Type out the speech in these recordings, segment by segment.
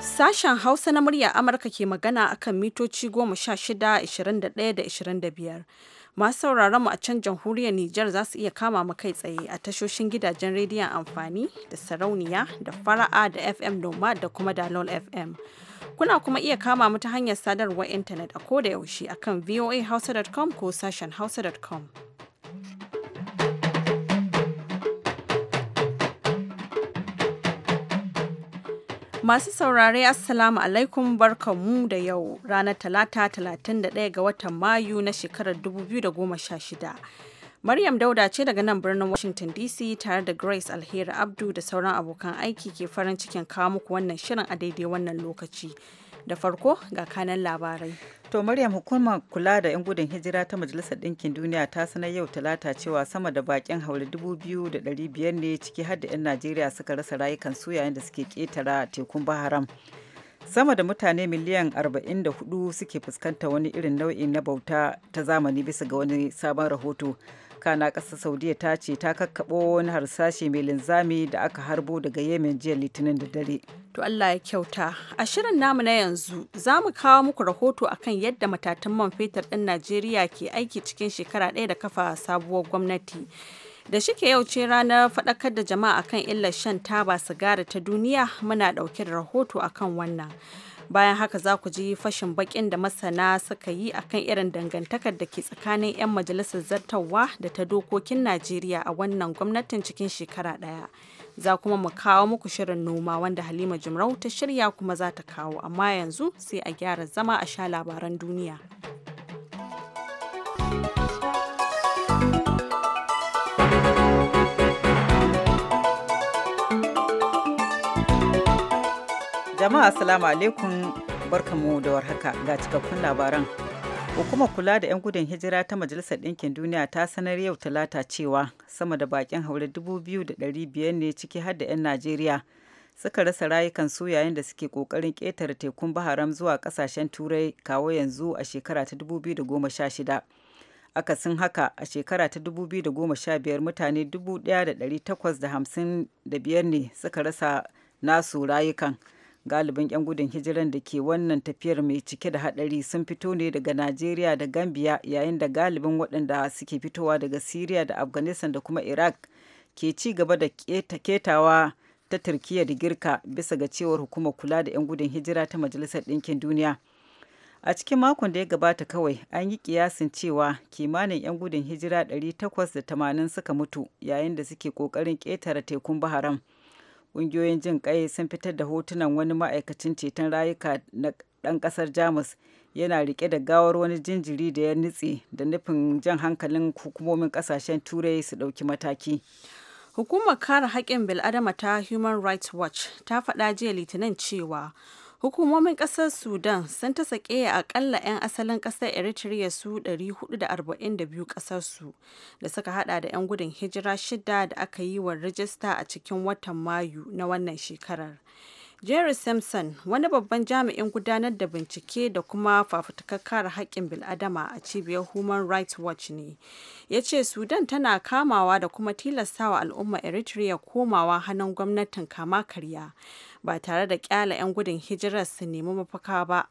Sashen Hausa na murya Amurka ke magana akan mitoci goma shida 21 da biyar Masu sauraron mu a can jamhuriyar Nijar za su iya kama mu kai tsaye a tashoshin gidajen rediyon amfani da sarauniya da fara'a da FM Noma da kuma Dalol FM. Kuna kuma iya kama mu ta hanyar sadarwar intanet a koda yaushe akan voahausa.com ko sashen hausa.com. Masu saurare Assalamu alaikum barkanmu da yau ranar talata 31 ga watan Mayu na shekarar 2016. Maryam Dauda ce daga nan birnin Washington DC tare da Grace Alheri Abdu da sauran abokan aiki ke farin cikin kawo muku wannan shirin a daidai wannan lokaci. Da farko ga kanan labarai. To Maryam hukumar kula da 'yan gudun hijira ta Majalisar Ɗinkin Duniya ta sanar yau talata cewa sama da bakin haure 2,500 ne ciki har da 'yan Najeriya suka rasa rayukansu yayin da suke ƙetara tekun Baharam. Sama da mutane miliyan 44 suke fuskanta wani irin nau'i na bauta ta zamani bisa ga wani sabon rahoto. na ƙasar saudiya ta ce ta kakkaɓo wani harsashi mai linzami da aka harbo daga yemen jiya litinin da dare to allah ya kyauta a shirin namu na yanzu za mu kawo muku rahoto akan yadda matatan man fetur ɗin najeriya ke aiki cikin shekara ɗaya da kafa sabuwar gwamnati da shike yau ce ranar faɗakar da jama'a akan illar shan taba sigari ta duniya muna ɗauke da rahoto akan wannan bayan haka za ku ji fashin bakin da masana suka yi akan irin dangantakar da ke tsakanin 'yan majalisar zartarwa da ta dokokin najeriya a wannan gwamnatin cikin shekara ɗaya za kuma mu kawo muku shirin noma wanda halima jimrau ta shirya kuma za ta kawo amma yanzu sai a gyara zama a sha labaran duniya Jama'a assalamu alaikum barkamu da warhaka ga cikakkun labaran. Hukumar kula da 'yan gudun hijira ta Majalisar Ɗinkin Duniya ta sanar yau talata cewa sama da bakin haure 2,500 ne ciki har da 'yan Najeriya suka rasa rayukan su yayin da suke kokarin ƙetare tekun Baharam zuwa ƙasashen Turai kawo yanzu a shekara ta 2016. akasin haka a shekara ta 2015 mutane 1,855 ne suka rasa nasu rayukan. galibin 'yan gudun hijiran da ke wannan tafiyar mai cike da hadari sun fito ne daga najeriya da gambia yayin da galibin waɗanda suke fitowa daga syria da afghanistan da kuma iraq ke ci gaba da ketawa ta turkiya da girka bisa ga cewar hukumar kula da 'yan gudun hijira ta majalisar ɗinkin duniya a cikin makon da ya gabata kawai an yi kiyasin cewa kimanin 'yan gudun hijira 880 suka mutu yayin da suke ƙoƙarin ƙetare tekun baharam. ƙungiyoyin jin ƙai sun fitar da hotunan wani ma'aikacin ceton rayuka na ɗan ƙasar jamus yana riƙe da gawar wani jinjiri da ya nutse da nufin jan hankalin hukumomin ƙasashen turai su ɗauki mataki hukumar kare haƙƙin bil'adama ta human rights watch ta faɗa jiya litinin cewa Hukumomin ƙasar Sudan sun ta sake ƙalla 'yan asalin ƙasar Eritrea su 442 su da suka hada da 'yan gudun hijira shida da aka yi wa rajista a cikin watan Mayu na wannan shekarar. jerry simpson wani babban jami'in gudanar da bincike da kuma fafutukar kare haƙƙin bil'adama a cibiyar human rights watch ne ya ce sudan tana kamawa da kuma tilastawa al'umma eritrea komawa hannun gwamnatin kama karya ba tare da kyala 'yan gudun hijirar su nemi mafaka ba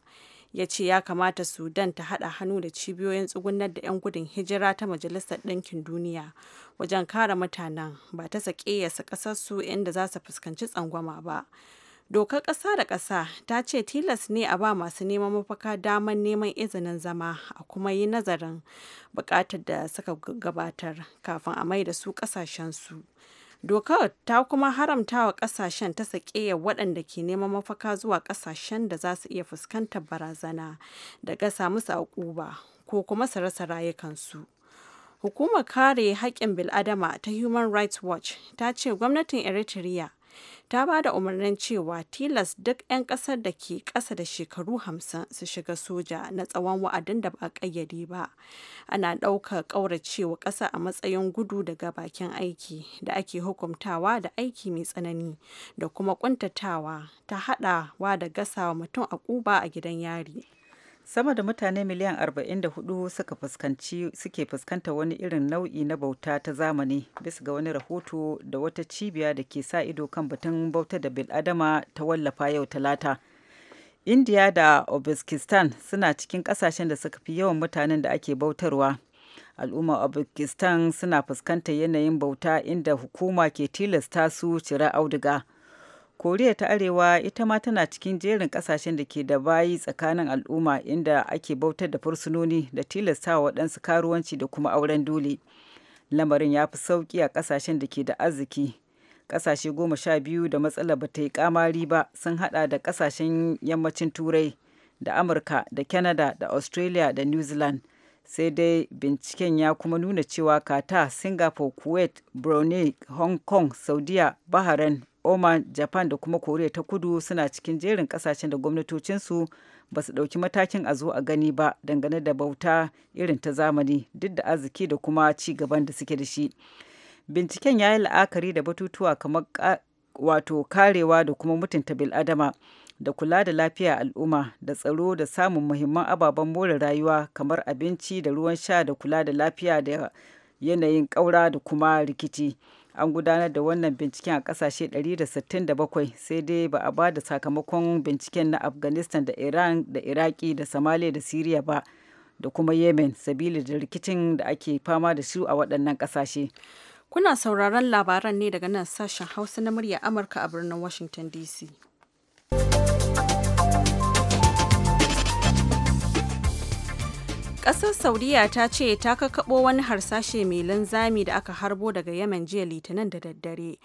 ya ce ya kamata sudan ta haɗa hannu da cibiyoyin tsugunar da 'yan gudun hijira ta majalisar ɗinkin duniya wajen kare mutanen ba ta sake ƙasar su inda za su fuskanci tsangwama ba dokar ƙasa da ƙasa ta ce tilas ne a ba masu neman mafaka damar neman izinin zama a kuma yi nazarin buƙatar da suka gabatar kafin a mai da su ƙasashensu dokar ta kuma haramta wa ƙasashen ta saƙeya waɗanda ke neman mafaka zuwa ƙasashen da za su iya fuskantar barazana da gasa musu a ko kuma su rasa rayukansu. Hukumar kare haƙƙin bil'adama ta Human Rights Watch ta ce gwamnatin Eritrea ta ba da umarnin cewa tilas duk 'yan kasar da ke ƙasa da shekaru 50 su shiga soja na tsawon wa'adin da ba ƙayyade ba ana ɗaukar ƙauracewa ƙasa a matsayin gudu daga bakin aiki da ake hukumtawa da aiki mai tsanani da kuma ƙuntatawa ta haɗawa da gasawa mutum a ƙuba a gidan yari sama da mutane miliyan 44 suka fuskanci suke fuskanta wani irin nau'i na bauta ta zamani bisa ga wani rahoto da wata cibiya da ke sa ido kan batun bauta da biladama ta wallafa yau talata indiya da uzbekistan suna cikin kasashen da suka fi yawan mutanen da ake bautarwa al'ummar uzbekistan suna fuskantar yanayin bauta inda hukuma ke tilasta su cira auduga koriya ta arewa ita ma tana cikin jerin kasashen da ke da bayi tsakanin al'umma inda ake bautar da fursunoni da tilasta waɗansu karuwanci da kuma auren dole lamarin ya fi sauƙi a kasashen da ke da arziki ƙasashe goma sha biyu da matsalar ba ta yi kamari ba sun haɗa da ƙasashen yammacin turai da amurka da canada da australia da new zealand sai dai binciken ya kuma nuna cewa kata singapore kuwait brunei hong kong saudiya bahrain oman japan da kuma koriya ta kudu suna cikin jerin kasashen da gwamnatocinsu ba su ɗauki matakin a zo a gani ba dangane da bauta irin ta zamani duk da arziki da kuma ci gaban da suke da shi binciken ya yi la'akari da batutuwa kamar wato karewa da kuma mutunta bil'adama da kula da lafiya al'umma da tsaro da samun muhimman ababen more rayuwa kamar abinci da ruwan sha da kula da lafiya da yanayin ƙaura da kuma rikici an gudanar da wannan binciken a ƙasashe 167 sai dai ba a ba da sakamakon binciken na afghanistan da iran da iraki da samale da syria ba da kuma yemen sabili da rikicin da ake fama da su a waɗannan ƙasashe kuna sauraron labaran ne daga nan sashen hausa na murya amurka a birnin washington dc Ƙasar Saudiya ta ce ta kakaɓo wani harsashe mai linzami da aka harbo daga Yemen jiya Litinin da daddare.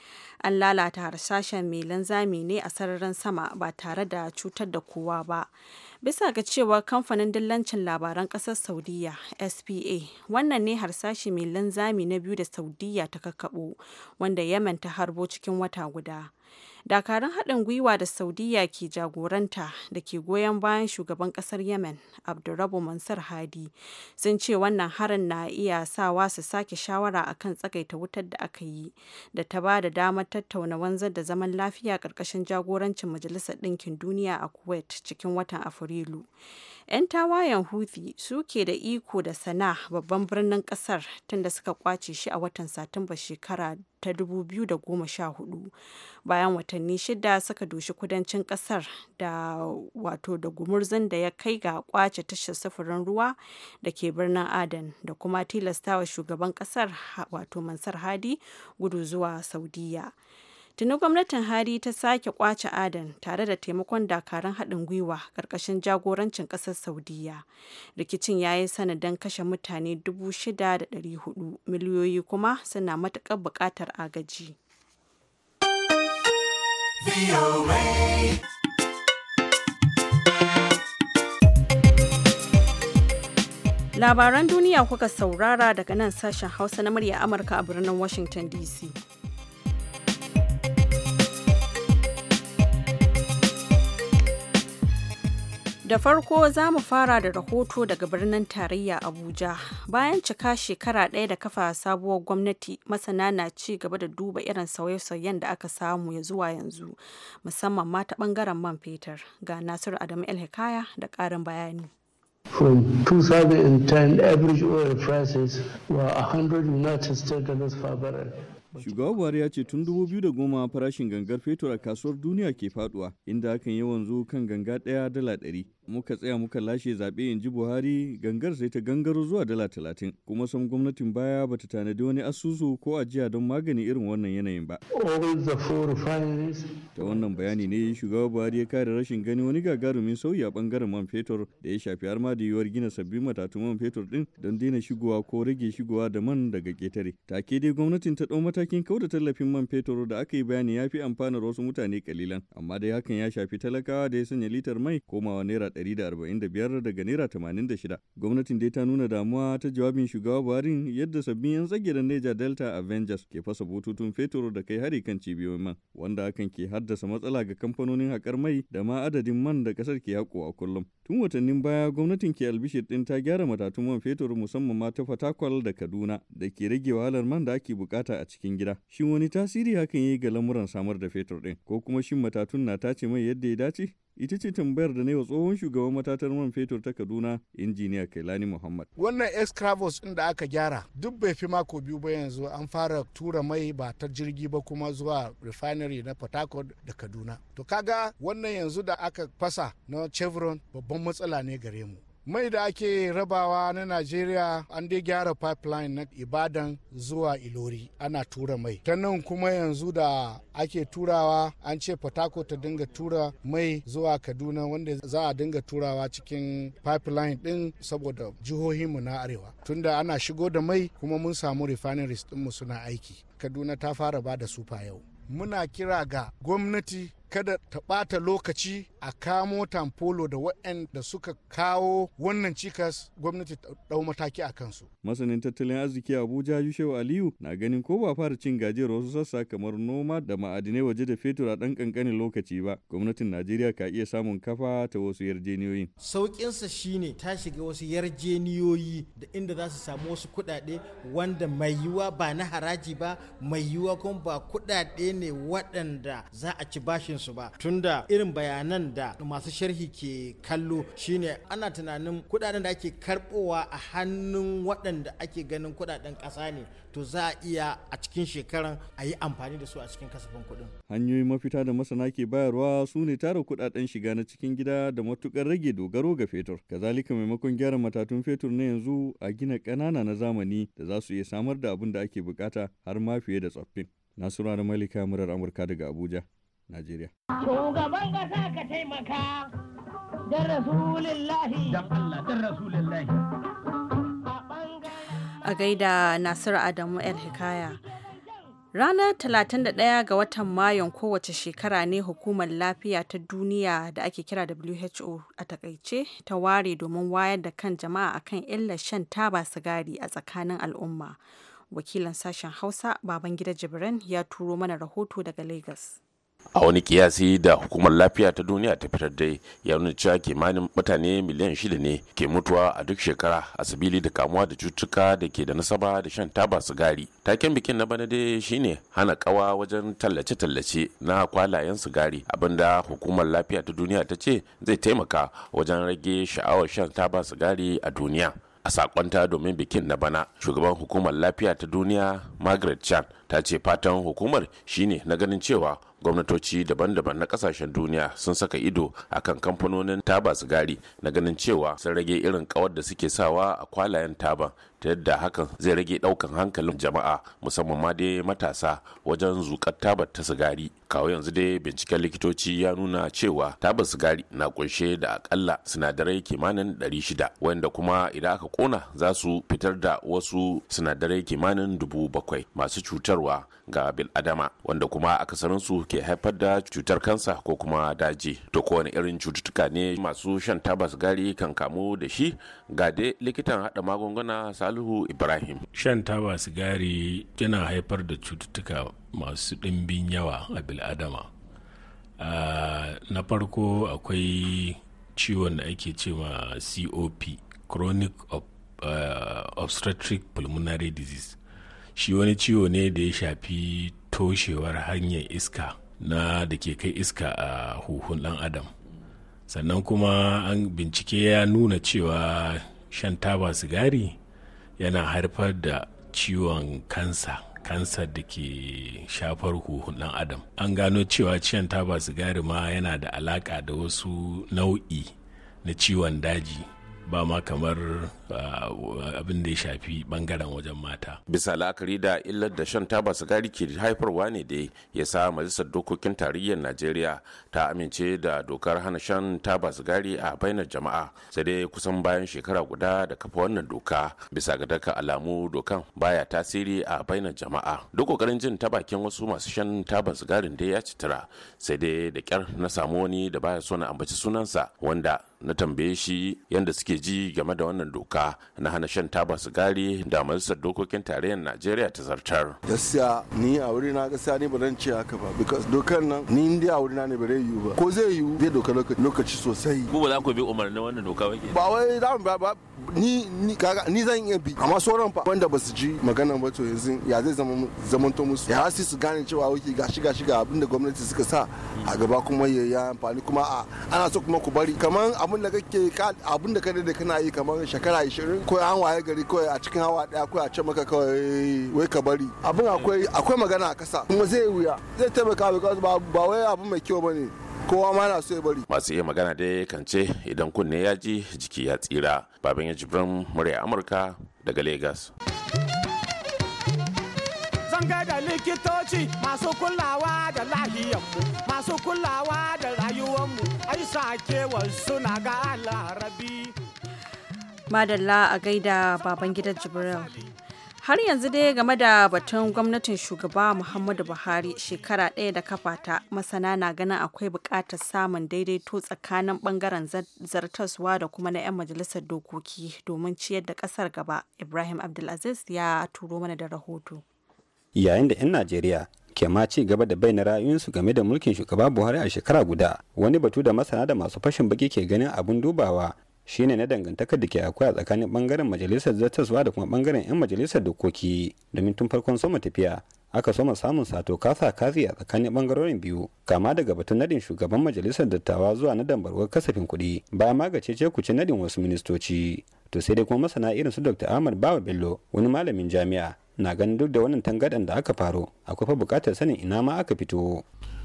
An lalata harsashen mai linzami ne a sararin sama ba tare da cutar da kowa ba. Bisa ga cewa kamfanin dillancin labaran ƙasar Saudiya SPA, wannan ne harsashe mai linzami na biyu da Saudiya ta kakaɓo, wanda Yemen ta harbo cikin wata guda. dakarun haɗin gwiwa da saudiya ke jagoranta da ke goyon bayan shugaban ƙasar yemen abdurrabu mansur hadi sun ce wannan harin na iya sawa su sake shawara a kan tsagaita wutar da aka yi da ta ba da damar tattauna wanzar da zaman lafiya ƙarƙashin jagorancin majalisar ɗinkin duniya a kuwait cikin watan afrilu 'Yan tawayen Houthi ke da iko da sana babban birnin kasar tunda suka kwace shi a watan Satumba shekara ta 2014 bayan watanni shida suka doshi kudancin kasar da wato da gumurzun da ya kai ga kwace tashar sufurin ruwa da ke birnin adan da kuma tilastawa shugaban kasar wato Mansar Hadi gudu zuwa Saudiya. Tuni gwamnatin Hari ta sake kwace Adan tare da taimakon dakarun haɗin gwiwa ƙarƙashin jagorancin ƙasar Saudiya. Rikicin ya yi sanadin kashe mutane 6,400 miliyoyi kuma suna matuƙar buƙatar agaji. Labaran duniya kuka saurara daga nan sashen Hausa na murya Amurka a birnin Washington DC. Da farko za mu fara da rahoto daga birnin tarayya Abuja. Bayan cika shekara ɗaya da kafa sabuwar gwamnati, masana na ci gaba da duba irin sauye-sauyen da aka samu ya zuwa yanzu, musamman ma ta ɓangaren man fetur. Ga Nasiru Adamu El Hikaya da ƙarin bayani. From 2010, average oil prices were 100 United States dollars per barrel. Shugaba Buhari ya ce tun 2010 farashin gangar fetur a kasuwar duniya ke faduwa inda hakan yawan zo kan ganga ɗaya dala ɗari muka tsaya muka lashe zaɓe in ji buhari gangar sai ta gangaro zuwa dala talatin kuma sam gwamnatin baya bata tanadi wani asusu ko ajiya don magani irin wannan yanayin ba ta wannan bayani ne shugaba buhari ya kare rashin gani wani gagarumin sauyi a bangaren man fetur da ya shafi har ma da yiwuwar gina sabbin matatun man fetur din don daina shigowa ko rage shigowa da man daga ketare take dai gwamnatin ta ɗau matakin kauda tallafin man fetur da aka yi bayani ya fi amfanar wasu mutane kalilan amma dai hakan ya shafi talakawa da ya sanya litar mai komawa naira 145 daga naira 86 gwamnatin dai ta nuna damuwa ta jawabin shugaba buhari yadda sabbin yan tsagirin neja delta avengers ke fasa bututun fetur da kai hari kan cibiyoyin man wanda hakan ke haddasa matsala ga kamfanonin haƙar mai da ma adadin man da ƙasar ke haƙo a kullum tun watannin baya gwamnatin ke albishir ɗin ta gyara matatun man fetur musamman ma ta fatakwal da kaduna da ke rage wahalar man da ake bukata a cikin gida shin wani tasiri hakan ya yi ga lamuran samar da fetur ɗin ko kuma shin matatun na tace mai yadda ya dace ita ce tambayar da na yi wa tsohon shugaban matatar man fetur ta kaduna injiniya kailani muhammad wannan escravos ɗin da aka gyara duk bai fi mako biyu ba yanzu an fara tura mai ba ta jirgi ba kuma zuwa refinery na port da kaduna to kaga wannan yanzu da aka fasa na chevron babban matsala ne gare mu mai da ake rabawa na najeriya an dai gyara pipeline na ibadan zuwa ilori ana tura mai ta nan kuma yanzu da ake turawa an ce fatako ta dinga tura mai zuwa kaduna wanda za a dinga turawa cikin pipeline din saboda jihohinmu na arewa tunda ana shigo da mai kuma mun samu refineries dinmu suna aiki kaduna ta fara bada sufa yau muna kira ga gwamnati kada ta ɓata lokaci a kamo tamfolo da waɗanda suka kawo wannan cikas gwamnati ta ɗau mataki a kansu. Masanin tattalin arziki Abuja yushe Aliyu na ganin ko ba fara cin gajiyar wasu sassa kamar noma da ma'adinai waje da fetur a ɗan ƙanƙanin lokaci ba. Gwamnatin Najeriya ka iya samun kafa ta wasu yarjeniyoyin. Sauƙinsa shine ta shiga wasu yarjeniyoyi da inda za su samu wasu kuɗaɗe wanda mai yiwuwa ba na haraji ba mai yiwuwa kuma ba kuɗaɗe ne waɗanda za a ci bashin kansu ba tunda irin bayanan da masu sharhi ke kallo shine ana tunanin kudaden da ake karbowa a hannun waɗanda ake ganin kudaden ƙasa ne to za a iya a cikin shekaran a yi amfani da su a cikin kasafin kuɗin. Hanyoyin mafita da masana ke bayarwa su ne tara kudaden shiga na cikin gida da matukar rage dogaro ga fetur. Kazalika maimakon gyara matatun fetur na yanzu a gina ƙanana na zamani da za su iya samar da abin da ake bukata har ma fiye da tsoffin. Nasura da Malika Murar Amurka daga Abuja. Najeriya. Shugaban ƙasa ka taimaka don Rasulillahi. Da Allah Rasulillahi. A gaida Nasiru Adamu El Hikaya. Ranar 31 ga watan mayon kowace shekara ne Hukumar Lafiya ta Duniya da ake kira WHO a takaice ta ware domin wayar da kan jama'a akan illar shan taba sigari a tsakanin al'umma. Wakilan sashen Hausa Babangida Jibran ya turo mana rahoto daga Lagos. a wani kiyasi da hukumar lafiya ta duniya ta fitar dai ya nuna cewa kimanin mutane miliyan shida ne ke mutuwa a duk shekara a sabili da kamuwa da cutuka da ke da nasaba da shan taba sigari taken bikin na bana dai shine hana kawa wajen tallace-tallace na kwalayen sigari abinda hukumar lafiya ta duniya ta ce zai taimaka wajen rage sha'awar shan taba sigari a duniya a sakonta domin bikin na bana shugaban hukumar lafiya ta duniya margaret chan ta ce fatan hukumar shine na ganin cewa gwamnatoci daban-daban na kasashen duniya sun saka ido a kan kamfanonin taba sigari na ganin cewa sun rage irin kawar da suke sawa a kwalayen taban ta yadda hakan zai rage daukan hankalin jama'a musamman ma dai matasa wajen zukar tabar ta sigari kawo yanzu dai binciken likitoci ya nuna cewa tabar sigari na kunshe da akalla sinadarai kimanin 600 wanda kuma idan aka kona za su fitar da wasu sinadarai kimanin 700 masu cutar cutarwa ga biladama wanda kuma akasarinsu ke haifar da cutar kansa ko kuma daji to kowane irin cututtuka ne masu shan tabas sigari kan kamu da shi ga dai likitan hada magunguna salihu ibrahim shan tabas sigari yana haifar da cututtuka masu ɗimbin yawa a biladama ah, na farko akwai ciwon da ake cewa cop chronic ah, obstetric pulmonary disease shi wani ciwo ne da ya shafi toshewar hanyar iska na da ke kai iska a huhun dan adam sannan kuma an bincike ya nuna cewa shan taba sigari yana haifar da ciwon kansa kansa da ke shafar huhun dan adam an gano cewa ciwon taba sigari ma yana da alaka da wasu nau'i na ciwon daji ba ma kamar abin da ya shafi bangaren wajen mata. Bisa la'akari da illar da shan taba sigari ke haifarwa ne dai ya sa majalisar dokokin tarayyar Najeriya ta amince da dokar hana shan taba sigari a bainar jama'a sai dai kusan bayan shekara guda da kafa wannan doka bisa ga daka alamu dokan baya tasiri a bainar jama'a. Duk kokarin jin ta bakin wasu masu shan taba sigarin dai ya citira sai dai da kyar na samu wani da baya so na ambaci sunansa wanda na tambaye shi yadda suke ji game da wannan doka na hana shan taba sigari da majalisar dokokin tarayyar najeriya ta zartar gaskiya ni a wuri na gaskiya ni ba zan ce haka ba because dokar nan ni inda a wuri na ne ba zai yiwu ba ko zai yiwu zai doka lokaci sosai ko ba za ku bi umarnin wannan doka ba ba wai za mu ba ni ni kaga ni zan iya bi amma sauran fa wanda ba su ji maganar ba to yanzu ya zai zama zamanto musu ya hasi su gane cewa wuki gashi gashi ga abin da gwamnati suka sa a gaba kuma ya amfani kuma a ana so kuma ku bari kamar abin da kake abin da ka da kana yi kamar shekara 20 ko an waye gari ko a cikin hawa daya ko a ce maka kawai wai ka bari abin akwai akwai magana a kasa kuma zai wuya zai taimaka because ba wai abin mai kyau bane kowa ma na so ya bari masu iya magana dai kan ce idan kunne ya ji jiki ya tsira baban ya jibrin murya amurka daga lagos sanga da likitoci masu kulawa da lahiyanmu masu kulawa da rayuwanmu ai sakewar suna ga larabi madalla a gaida baban gidan jibril har yanzu dai game da batun gwamnatin shugaba muhammadu buhari shekara ɗaya da kafata masana na ganin akwai buƙatar samun daidaito tsakanin ɓangaren zartaswa da kuma na 'yan majalisar dokoki domin ciyar da ƙasar gaba ibrahim abdulaziz ya turo mana da rahoto yayin da 'yan najeriya ke ma ci gaba da bayyana ra'ayoyinsu game da mulkin shugaba buhari a shekara guda wani batu da masana da masu fashin baki ke ganin abun dubawa shine na dangantakar da ke akwai a tsakanin bangaren majalisar zartaswa da kuma bangaren 'yan majalisar dokoki domin tun farkon soma tafiya aka soma samun sato kasa kazi a tsakanin bangarorin biyu kama daga batun nadin shugaban majalisar dattawa zuwa na dambarwar kasafin kuɗi bayan magace ce ci nadin wasu ministoci to sai dai kuma masana irin su dr ahmad bawa bello wani malamin jami'a na ganin duk da wannan tangadan da aka faro akwai fa bukatar sanin ina ma aka fito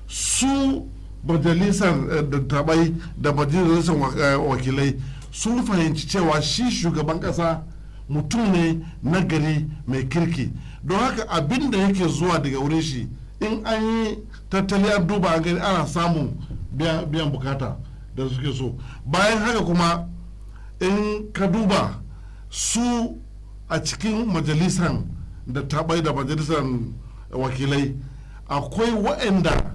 su majalisar eh, dattabai da majalisar eh, wakilai sun fahimci cewa shi shugaban kasa mutum ne na gari mai kirki don haka abin da yake zuwa daga wurin shi in an yi tattali an duba an gani ana samun biyan bukata da suke so bayan haka kuma in ka duba su a cikin majalisar da taɓai da majalisar wakilai akwai waɗanda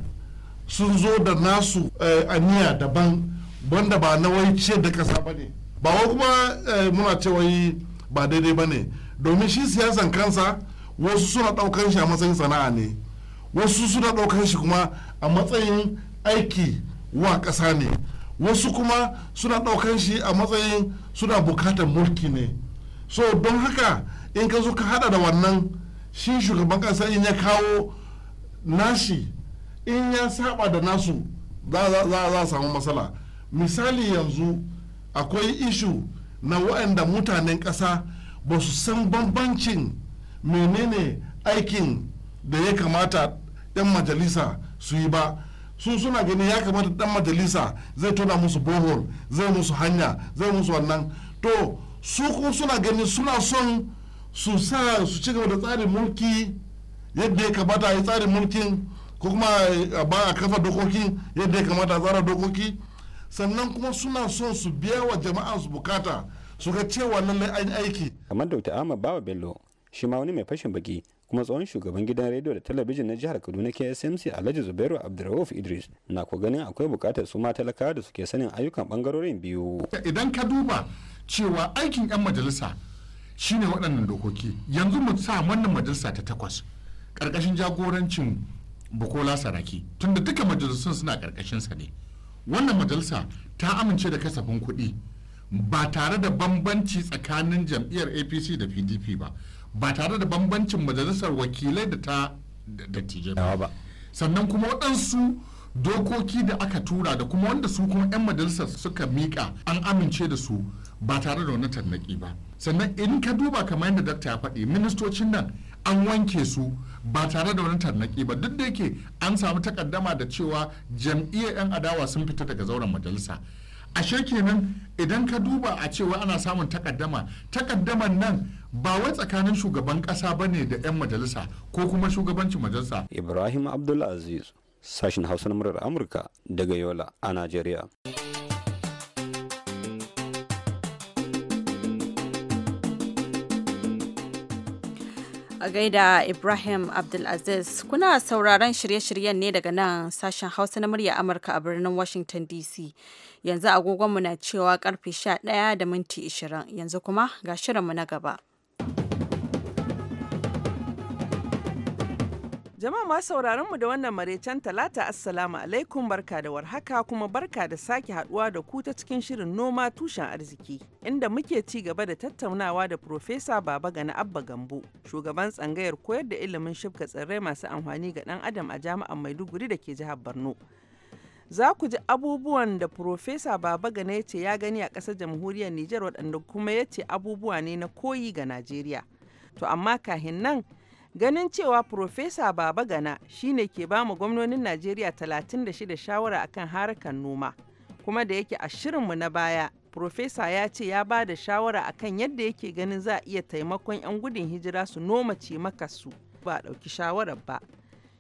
sun zo da nasu eh, aniya daban banda ba na wai ce da kasa ba ne ba wa kuma eh, muna ce wai ba daidai ba ne domin shi siyasan kansa wasu suna ɗaukan shi a matsayin sana'a ne wasu suna ɗaukan shi kuma a matsayin aiki wa ƙasa ne wasu kuma suna ɗaukan shi a matsayin suna bukatar mulki ne so don haka in ka zo ka hada da wannan shi shugaban kasa in ya kawo nashi in ya saba da nasu za a samu matsala misali yanzu akwai ishu na waɗanda mutanen ƙasa ba su san bambancin menene aikin da ya kamata 'yan majalisa su yi ba su suna gani ya kamata dan majalisa zai tona musu bohol zai musu hanya zai musu wannan to su kuma suna gani suna son su sa su ci gaba da tsarin mulki yadda ya kamata ya tsarin mulkin ko kuma ba a kafa dokoki yadda ya kamata a tsara dokoki sannan kuma suna son su biya wa jama'a su bukata su ga cewa lallai an aiki kamar dr ahmad bawa bello shi ma wani mai fashin baki kuma tsohon shugaban gidan rediyo da talabijin na jihar kaduna ksmc alhaji zubairu abdurrauf idris na ko ganin akwai bukatar su ma talakawa da suke sanin ayyukan bangarorin biyu idan ka duba cewa aikin yan majalisa shine waɗannan dokoki yanzu mu sa wannan majalisa ta takwas ƙarƙashin jagorancin bukola saraki tunda duka majalisun suna ƙarƙashinsa ne wannan majalisa ta amince da kasafin kuɗi ba tare da bambanci tsakanin jam'iyyar apc da pdp ba ba tare da bambancin majalisar wakilai da ta dattijai ba sannan kuma waɗansu dokoki da aka tura da kuma wanda su kuma 'yan majalisar suka mika an amince da su ba tare da wani tarnaki ba sannan in ka duba kamar yadda dakta ya faɗi ministocin nan an wanke su ba tare da wani tarnaki ba duk da yake an samu takaddama da cewa jam'iyyar 'yan adawa sun fita daga zauren majalisa ashe kenan idan ka duba a cewa ana samun takaddama takaddaman nan ba wai tsakanin shugaban ƙasa ba ne da 'yan majalisa ko kuma shugabancin majalisa ibrahim abdulaziz sashin hausa na murar amurka daga yola a najeriya a gaida Ibrahim Abdulaziz. Kuna sauraron shirye-shiryen ne daga nan sashen Hausa na murya Amurka a birnin Washington DC. Yanzu agogonmu na cewa karfe 11 da minti 20. Yanzu kuma ga shirinmu na gaba. Jama'a masu sauraron mu da wannan maraicen talata assalamu alaikum barka da warhaka kuma barka da sake haduwa da ku ta cikin shirin noma tushen arziki inda muke ci gaba da tattaunawa da Profesa Baba Gana Abba Gambo shugaban tsangayar koyar da ilimin shibka tsirrai masu amfani ga dan adam a jami'ar Maiduguri da ke jihar Borno. za ku ji abubuwan da Profesa Babagana ya ce ya gani a ƙasar jamhuriyar Nijar waɗanda kuma ya ce abubuwa ne na koyi ga Najeriya. To amma kahin nan Ganin cewa Profesa Baba Gana shine ke ba mu gwamnonin Najeriya 36 shawara akan harkar noma. Kuma da yake a shirinmu na baya, Profesa ya ce ya ba da shawara akan yadda yake ganin za a iya taimakon 'yan gudun hijira su noma ce su ba ɗauki shawarar ba.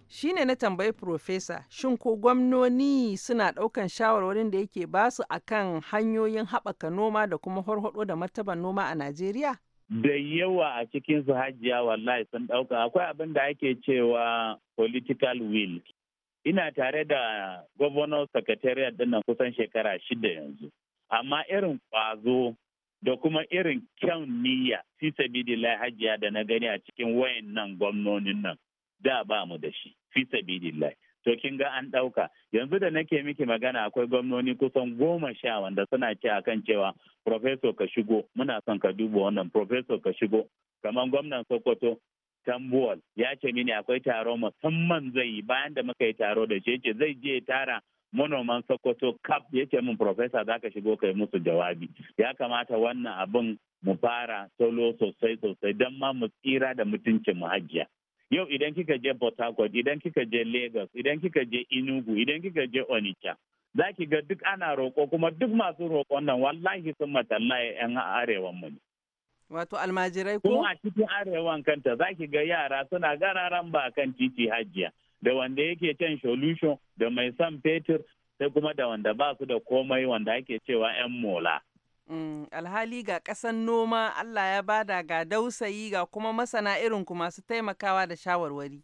shine na tambayi Profesa shin ko gwamnoni suna ɗaukan shawarwarin da yake ba basu akan hanyoyin haɓaka noma da kuma horhoɗo da martaban noma a Najeriya? da yawa a cikin su hajiya wallahi sun ɗauka akwai abin da ake cewa political will ina tare da governor secretariat dinnan kusan shekara shida yanzu amma irin ƙwazo da kuma irin kyan niyya fi sabidillah hajiya da na gani a cikin wayan nan gwamnonin nan da ba mu da shi fi sabidillah to kin ga an ɗauka yanzu da nake miki magana akwai gwamnoni kusan goma sha wanda suna ce akan cewa Profesor ka shigo muna son ka duba wannan Profesor ka shigo kamar gwamnan sokoto tambuwal ya ce mini akwai taro musamman zai yi bayan da muka yi taro da shi ce zai je tara manoman sokoto kap ya ce min Profesor za ka shigo ka yi musu jawabi ya kamata wannan abin mu fara solo sosai sosai don ma mu tsira da mutuncin mu yau idan kika je port harcourt idan kika je lagos idan kika je inugu idan kika je onitsha za ki ga duk ana roƙo kuma duk masu roƙon nan wallahi sun matallaye 'yan arewan mu Wato almajirai ko? Kuma a cikin arewan kanta za ki ga yara suna gararan ba kan titi hajiya da wanda yake can solution da mai son fetur sai kuma da wanda ba su da komai wanda ake cewa 'yan mola. Mm, alhali ga ƙasan noma Allah ya bada ga dausayi ga kuma masana irin ku masu taimakawa da shawarwari.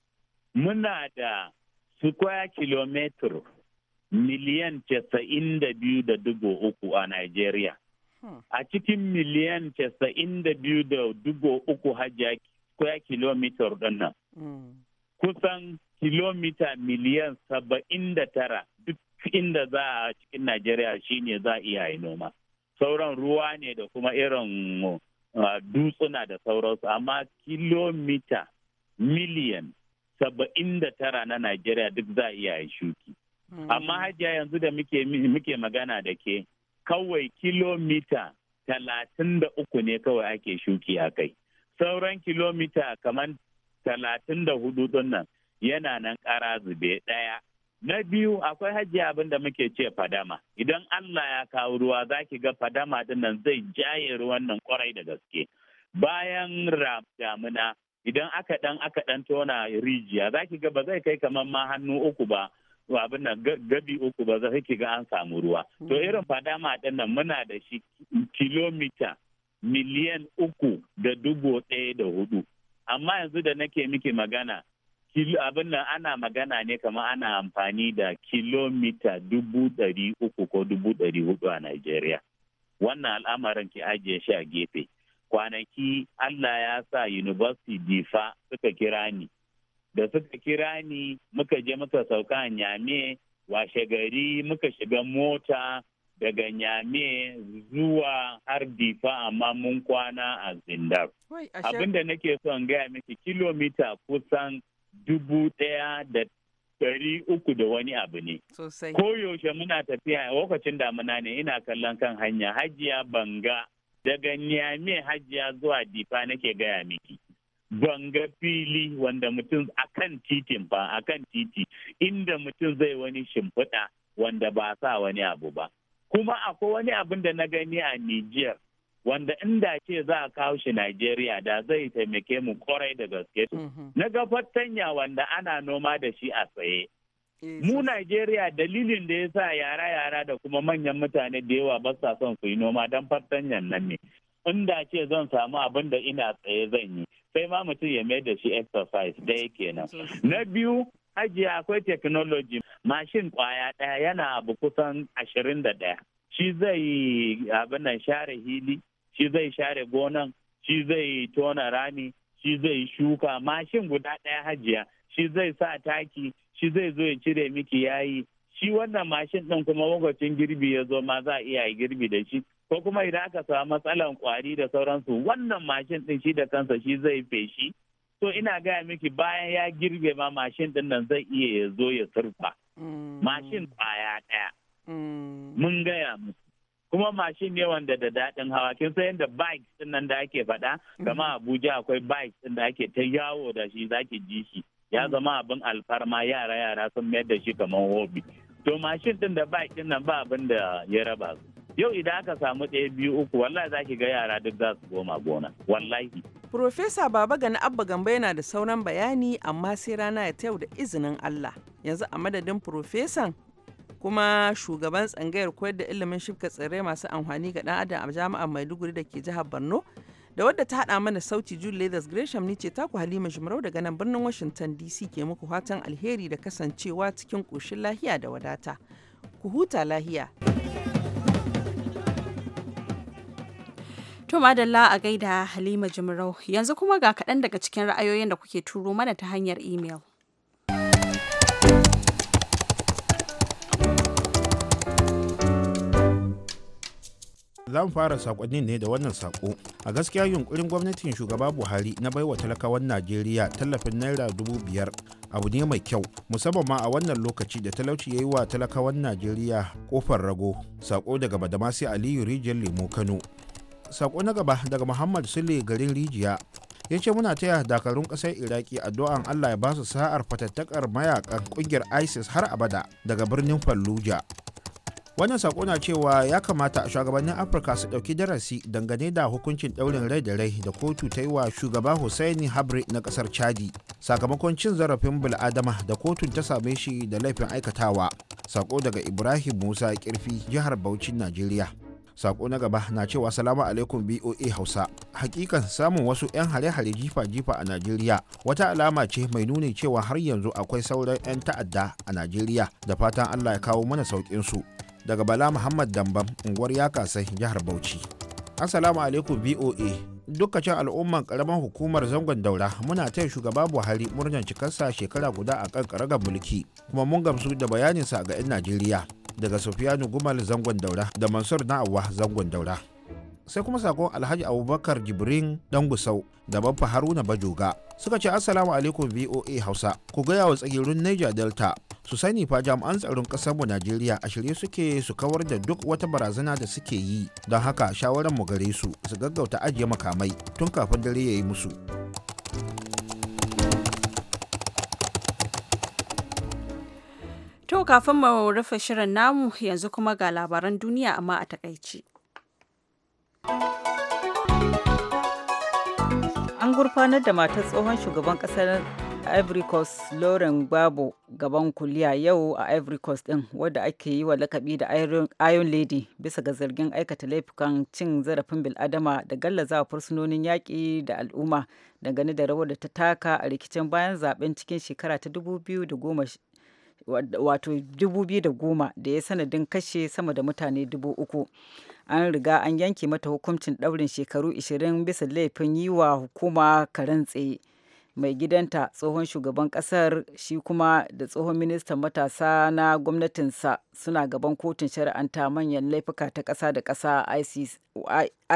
Muna da square kilometer miliyan casa'in da biyu da dugo uku a Najeriya. Hmm. A cikin miliyan casa'in da biyu da dugo uku hajiya kwaya kilomitar ɗannan. Hmm. Kusan kilomita miliyan saba'in da tara duk inda za a cikin Najeriya shine za a iya yi noma. Sauran ruwa ne da kuma irin uh, dutsuna da sauransu amma kilomita miliyan saba'in da tara na Najeriya duk za a iya yi shuki. Amma mm. hajiya yanzu da muke magana da ke kawai kilomita talatin da uku ne kawai ake shuki a kai. Sauran kilomita kamar talatin da hudu nan yana nan kara zube daya. Na biyu akwai hajiya abin da muke ce fadama. Idan Allah ya kawo ruwa za ki ga fadama din nan zai jaye ruwan nan kwarai da gaske. Bayan damuna idan aka dan aka dan tona rijiya za ki ga ba zai kai kamar ma hannu uku ba abin nan gabi uku ba za ki ga an samu ruwa to hmm. irin fada ma nan muna da shi kilomita miliyan uku da dubu ɗaya da hudu amma yanzu da nake miki magana abin nan ana magana ne kama ana amfani da kilomita dubu ɗari uku ko dubu ɗari hudu a Najeriya. Wannan al'amarin ki ajiye shi a gefe. Kwanaki Allah ya sa University Difa suka kira ni da suka kira ni muka je muka sauka a nyame washe gari muka shiga mota daga nyame zuwa har difa amma mun kwana a zindar da nake son gaya miki kilomita kusan dubu ɗaya da ɗari uku da wani abu ne. Sosai. Koyaushe muna tafiya lokacin damuna ne ina kallon kan hanya hajiya banga daga nyame hajiya zuwa difa nake gaya miki. ban ga fili wanda mutum a kan titin ba a kan titi inda mutum zai wani shimfiɗa wanda ba sa wani abu ba kuma akwai wani abin da na gani a Nijiyar wanda inda ce za a kawo shi Najeriya da zai taimake mu kwarai da gaske mhm. na ga fattanya wanda ana noma da shi a tsaye eh, mu Najeriya dalilin da ya sa yara-yara da kuma manyan mutane da yawa ba sa son su yi noma don fattanyan nan ne inda ce zan samu abin da ina tsaye zan yi sai ma mutum ya mai da shi exercise daya kenan na biyu hajiya akwai technology mashin kwaya ɗaya yana abu kusan ashirin da ɗaya shi zai abin nan share hili shi zai share gonan shi zai tona rami shi zai shuka mashin guda ɗaya hajiya shi zai sa taki shi zai zo ya cire miki yayi shi wannan mashin ɗin kuma lokacin girbi ya zo ma za a iya girbi da shi ko kuma idan aka samu matsalan kwari da sauransu wannan mashin din shi da kansa shi zai feshi to ina gaya miki bayan ya girbe ma mashin din nan zai iya ya zo ya surfa mm. mashin baya daya mm. mun gaya musu kuma mashin ne wanda da daɗin hawa kin san yadda bikes din nan da ake faɗa mm. kama Abuja akwai bikes din da ake ta yawo da shi zaki ji shi ya zama abin alfarma yara yara sun mayar da shi kamar hobi to mashin din da bike din nan ba abin da ya raba su yau idan aka samu ɗaya biyu uku wallahi za ki ga yara duk za su goma gona wallahi Profesa Baba Gani Abba Gambo yana da sauran bayani amma sai rana ya yau da izinin Allah. Yanzu a madadin Profesan kuma shugaban tsangayar koyar da ilimin shifka tsirrai masu amfani ga ɗan adam a jami'ar Maiduguri da ke jihar Borno da wadda ta haɗa mana sauti Jude Leathers Gresham ni ce taku Halima Jumarau daga nan birnin Washington DC ke muku fatan alheri da kasancewa cikin ƙoshin lahiya da wadata. Ku huta lahiya. To madalla a gaida Halima Jimrau yanzu kuma ga kaɗan daga cikin ra'ayoyin da kuke turo mana ta hanyar imel. za fara saƙonnin ne da wannan saƙo a gaskiya yunkurin gwamnatin shugaba buhari na baiwa talakawan najeriya tallafin naira dubu biyar abu ne mai kyau musamman ma a wannan lokaci da talauci ya yi wa talakawan najeriya kofar rago sako daga badamasi aliyu rijiyar lemo kano sako na gaba daga muhammad sule garin rijiya ya ce muna taya dakarun kasar iraki addu'an allah ya ba su sa'ar fatattakar mayakan kungiyar isis har abada daga birnin fallujah wannan sako na cewa ya kamata shugabannin afirka su ɗauki darasi dangane da hukuncin daurin rai da rai da kotu ta yi wa shugaba hussaini habre na kasar chadi sakamakon cin zarafin bil'adama da kotun ta same shi da laifin aikatawa sako daga ibrahim musa kirfi jihar bauchin najeriya sako na gaba na cewa salamu alaikum boa hausa hakikan samun wasu 'yan hare-hare jifa-jifa a najeriya wata alama ce mai nuni cewa har yanzu akwai sauran 'yan ta'adda a najeriya da fatan allah ya kawo mana saukin su daga bala muhammad dambam unguwar yakasai jihar bauchi assalamu alaikum boa cin al'umman karamar hukumar zangon daura muna taya shugaba buhari murnar cikarsa shekara guda a kan karagar mulki kuma mun gamsu da bayaninsa ga 'yan najeriya daga sufiyanu gumal zangon daura da mansur na'awa zangon daura sai kuma sakon alhaji abubakar jibrin dan gusau da babba haruna bajoga suka ce assalamu alaikum voa hausa ku gaya wa tsagirin niger delta su sani fa jami'an tsaron mu najeriya a shirye suke su kawar da duk wata barazana da suke yi don haka shawaran mu gare su su gaggauta ajiye makamai tun kafin dare ya yi musu To kafin mu rufe shirin namu yanzu kuma ga labaran duniya amma a takaici. An gurfanar da matar tsohon shugaban kasar ivory coast lauren gbabo gaban kuliya yau a ivory coast din wadda ake yi wa lakabi da iron lady bisa ga zargin aikata laifukan cin zarafin biladama da gallaza fursunonin yaƙi da al'umma dangane da rawar da ta taka a rikicin bayan zaben cikin shekara ta 2010 da ya sanadin kashe sama da mutane 3,000 an riga an yanke mata hukuncin ɗaurin shekaru 20 bisa laifin yi wa hukuma karen tsaye mai gidanta tsohon shugaban kasar shi kuma da tsohon ministan matasa na gwamnatinsa suna gaban kotun shari'anta manyan laifuka ta ƙasa da ƙasa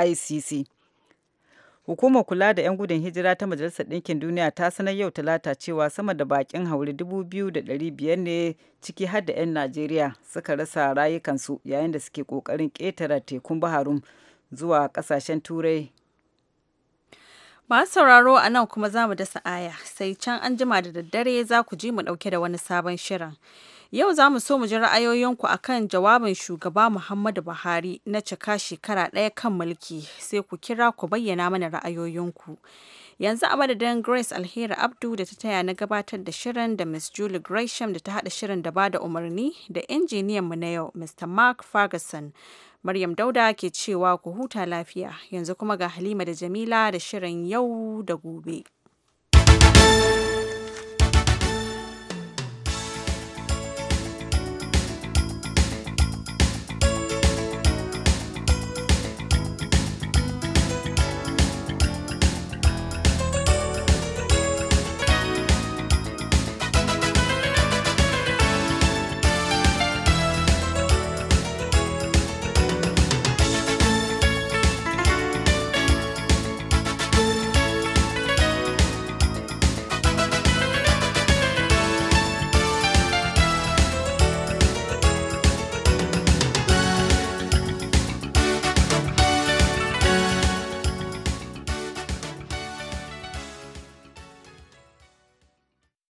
icc hukumar kula da 'yan gudun hijira ta majalisar ɗinkin duniya ta sanar yau talata cewa sama da baƙin hauri 2,500 ne ciki har da 'yan najeriya suka rasa rayukansu yayin da suke ƙoƙarin ƙetare tekun baharun zuwa ƙasashen turai Masu sauraro a nan kuma za mu dasa aya sai can an jima da daddare za ku ji mu ɗauke da wani sabon shirin. Yau za mu so mu ji ra'ayoyinku a kan jawabin shugaba Muhammadu Buhari na cika shekara ɗaya kan mulki sai ku kira ku bayyana mana ra'ayoyinku. Yanzu a madadin Grace Alheri Abdu da ta taya na gabatar da shirin da Miss Julie Gresham da ta haɗa shirin da ba da umarni da injiniyan mu na yau Mr. Mark Ferguson. Maryam Dauda ke cewa ku huta lafiya, yanzu kuma ga Halima da Jamila da shirin yau da gobe.